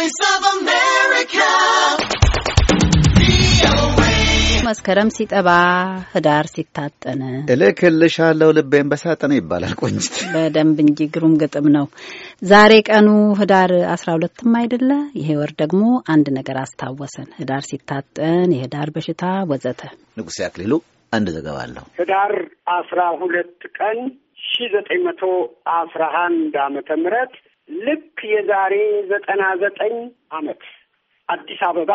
Voice of America. መስከረም ሲጠባ ህዳር ሲታጠን እልክልሻለሁ ልቤን በሳጠነ ይባላል። ቆንጅት በደንብ እንጂ ግሩም ግጥም ነው። ዛሬ ቀኑ ህዳር አስራ ሁለትም አይደለ? ይሄ ወር ደግሞ አንድ ነገር አስታወሰን። ህዳር ሲታጠን፣ የህዳር በሽታ ወዘተ። ንጉሴ አክሊሉ አንድ ዘገባ አለሁ። ህዳር አስራ ሁለት ቀን ሺ ዘጠኝ መቶ አስራ አንድ አመተ ምህረት ልክ የዛሬ ዘጠና ዘጠኝ አመት አዲስ አበባ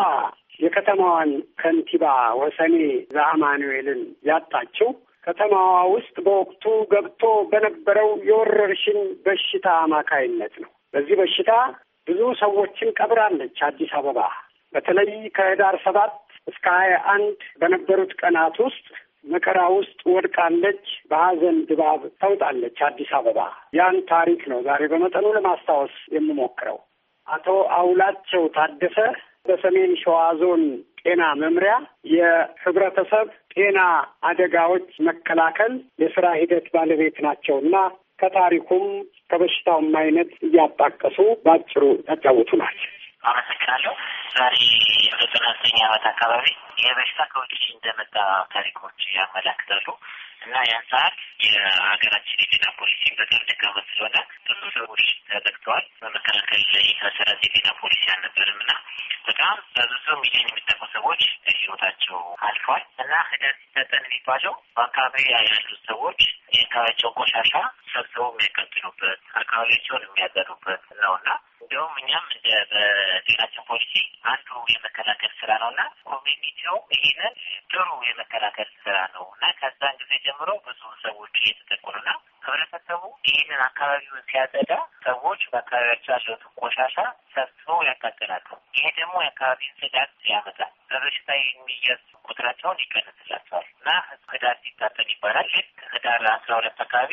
የከተማዋን ከንቲባ ወሰኔ ዘአማኑኤልን ያጣችው ከተማዋ ውስጥ በወቅቱ ገብቶ በነበረው የወረርሽኝ በሽታ አማካይነት ነው። በዚህ በሽታ ብዙ ሰዎችን ቀብራለች አዲስ አበባ። በተለይ ከህዳር ሰባት እስከ ሀያ አንድ በነበሩት ቀናት ውስጥ መከራ ውስጥ ወድቃለች፣ በሀዘን ድባብ ተውጣለች አዲስ አበባ። ያን ታሪክ ነው ዛሬ በመጠኑ ለማስታወስ የምሞክረው። አቶ አውላቸው ታደሰ በሰሜን ሸዋ ዞን ጤና መምሪያ የህብረተሰብ ጤና አደጋዎች መከላከል የስራ ሂደት ባለቤት ናቸው እና ከታሪኩም ከበሽታውም አይነት እያጣቀሱ በአጭሩ ያጫውቱናል። አመሰግናለሁ። የዛሬ ሁለት ዘጠኝ ዓመት አካባቢ የበሽታ በሽታ እንደመጣ ታሪኮች ያመላክታሉ እና ያን ሰዓት የሀገራችን የጤና ፖሊሲ በጣም ደካማ ስለሆነ ብዙ ሰዎች ተጠቅተዋል። በመከላከል ላይ መሰረት የጤና ፖሊሲ አልነበርም እና በጣም በብዙ ሚሊዮን የሚጠቁ ሰዎች ህይወታቸው አልፏል እና ህደት ሲሰጠን የሚባለው በአካባቢ ያሉት ሰዎች የአካባቢያቸው ቆሻሻ ሰብስበው የሚያቀጥሉበት አካባቢያቸውን የሚያጠሩበት ነው እና እንደውም እኛም በጤናችን ፖሊሲ አንዱ የመከላከል ስራ ነው እና ኮሚኒቲው ይሄንን ጥሩ የመከላከል ስራ ነው እና ከዛን ጊዜ ጀምሮ ብዙ ሰዎች እየተጠቁ ነው እና ህብረተሰቡ ይህንን አካባቢውን ሲያጸዳ ሰዎች በአካባቢያቸው ያለውን ቆሻሻ ሰብስበው ያቃጥላሉ። ይሄ ደግሞ የአካባቢን ጽዳት ያመጣል። በበሽታ የሚያዝ ቁጥራቸውን ይቀንስላቸዋል እና ህዳር ሲታጠን ይባላል። ልክ ህዳር አስራ ሁለት አካባቢ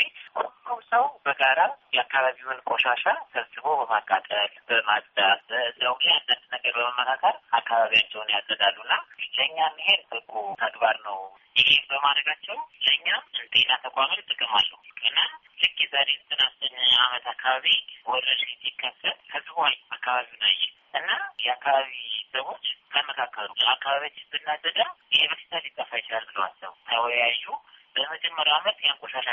ሁሉም ሰው በጋራ የአካባቢውን ቆሻሻ ሰብስቦ በማቃጠል በማጽዳት፣ በዚያው ላይ አንዳንድ ነገር በመመካከር አካባቢያቸውን ያጸዳሉ ያጸዳሉና ለእኛም ይሄን በጎ ተግባር ነው። ይሄ በማድረጋቸው ለእኛም ጤና ተቋምን ጥቅም አለው እና ልክ የዛሬ ዘጠናስን አመት አካባቢ ወረርሽኝ ሲከሰት ህዝቧይ አካባቢው ላይ እና የአካባቢ ሰዎች ተመካከሩ አካባቢያችን ብናዘዳ ይሄ በሽታ ሊጠፋ ይችላል ብለዋቸው ተወያዩ። በመጀመሪያው አመት ያን ቆሻሻ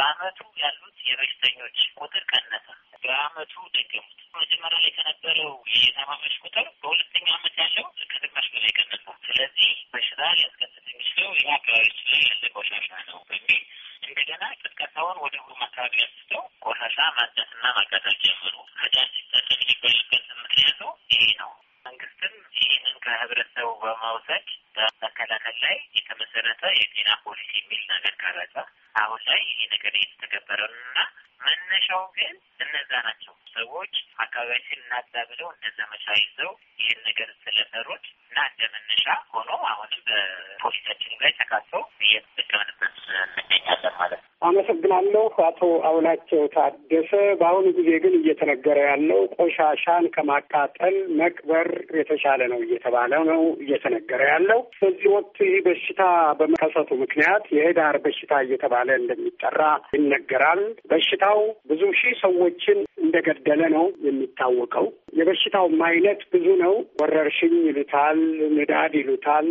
በአመቱ ያሉት የበሽተኞች ቁጥር ቀነሰ። በአመቱ ደገሙት። መጀመሪያ ላይ ከነበረው የታማሚዎች ቁጥር በሁለተኛው አመት ያለው ከግማሽ በላይ ቀነሰ። ስለዚህ በሽታ ሊያስከትል የሚችለው ይህ አካባቢዎች ላይ ያለ ቆሻሻ ነው በሚል እንደገና ቅጥቀሳውን ወደ ሁሉም አካባቢ አንስተው ቆሻሻ ማጽዳትና ማቃጠል ጀምሩ። አዳር ሲጠቀም ሊባልበት ምክንያቱ ይሄ ነው። መንግስትም ይህንን ከህብረተሰቡ በመውሰድ በመከላከል ላይ የተመሰረተ የጤና ፖሊሲ የሚል ነገር ቀረጸ። አሁን ላይ ይሄ ነገር እየተተገበረ ነው እና መነሻው ግን እነዛ ናቸው። ሰዎች አካባቢያችን እናዛ ብለው እንደ ዘመቻ ይዘው ይህን ነገር ስለሰሩት እና እንደ መነሻ ሆኖ አሁንም በፖሊሳችንም ላይ ተካተው እየተጠቀምንበት እንገኛለን ማለት ነው። አመሰግናለሁ። አቶ አውላቸው ታደሰ። በአሁኑ ጊዜ ግን እየተነገረ ያለው ቆሻሻን ከማቃጠል መቅበር የተሻለ ነው እየተባለ ነው እየተነገረ ያለው። በዚህ ወቅት ይህ በሽታ በመከሰቱ ምክንያት የህዳር በሽታ እየተባለ እንደሚጠራ ይነገራል። በሽታው ብዙ ሺህ ሰዎችን እንደገደለ ነው የሚታወቀው። የበሽታውም አይነት ብዙ ነው። ወረርሽኝ ይሉታል፣ ንዳድ ይሉታል፣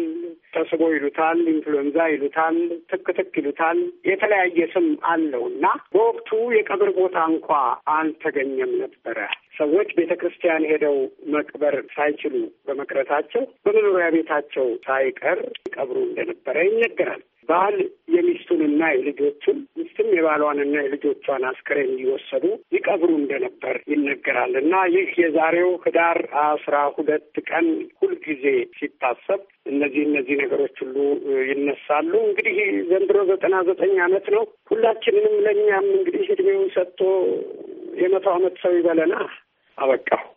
ተስቦ ይሉታል፣ ኢንፍሉዌንዛ ይሉታል፣ ትክትክ ይሉታል የተለያየ ስም አለው እና በወቅቱ የቀብር ቦታ እንኳ አልተገኘም ነበረ። ሰዎች ቤተ ክርስቲያን ሄደው መቅበር ሳይችሉ በመቅረታቸው በመኖሪያ ቤታቸው ሳይቀር ቀብሩ እንደነበረ ይነገራል። ባል የሚስቱንና የልጆቹን ሚስትም የባሏንና የልጆቿን አስከሬን እየወሰዱ ይቀብሩ እንደነበር ይነገራል እና ይህ የዛሬው ህዳር አስራ ሁለት ቀን ሁልጊዜ ሲታሰብ እነዚህ እነዚህ ነገሮች ሁሉ ይነሳሉ። እንግዲህ ዘንድሮ ዘጠና ዘጠኝ ዓመት ነው። ሁላችንንም ለእኛም እንግዲህ እድሜውን ሰጥቶ የመቶ አመት ሰው ይበለና አበቃሁ።